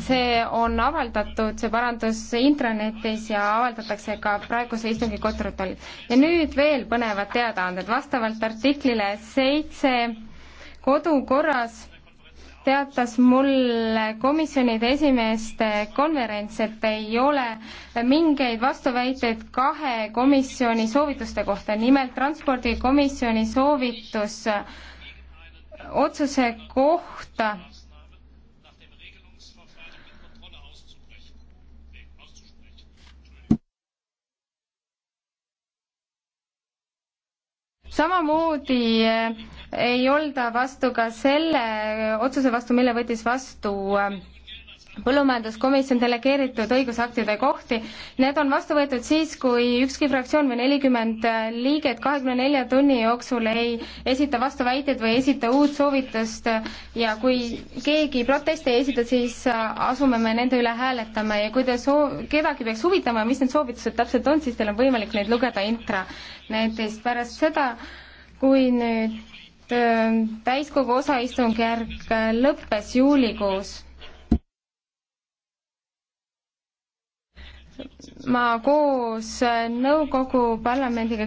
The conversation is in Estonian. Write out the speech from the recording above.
see on avaldatud, see parandus intranetis ja avaldatakse ka praeguse istungi kotrutol. ja nüüd veel põnevad teadaanded, vastavalt artiklile seitse kodukorras teatas mulle komisjonide esimeeste konverents, et ei ole mingeid vastuväiteid kahe komisjoni soovituste kohta, nimelt transpordikomisjoni soovitus otsuse kohta samamoodi eh, ei olda vastu ka selle otsuse vastu, mille võttis vastu eh, põllumajanduskomisjon delegeeritud õigusaktide kohti. Need on vastu võetud siis, kui ükski fraktsioon või nelikümmend liiget kahekümne nelja tunni jooksul ei esita vastuväiteid või ei esita uut soovitust ja kui keegi proteste ei esita, siis asume me nende üle hääletama ja kui te soo-, kedagi peaks huvitama, mis need soovitused täpselt on, siis teil on võimalik neid lugeda intra netist pärast seda, kui nüüd äh, täiskogu osaistungjärk lõppes juulikuus ma koos nõukogu parlamendiga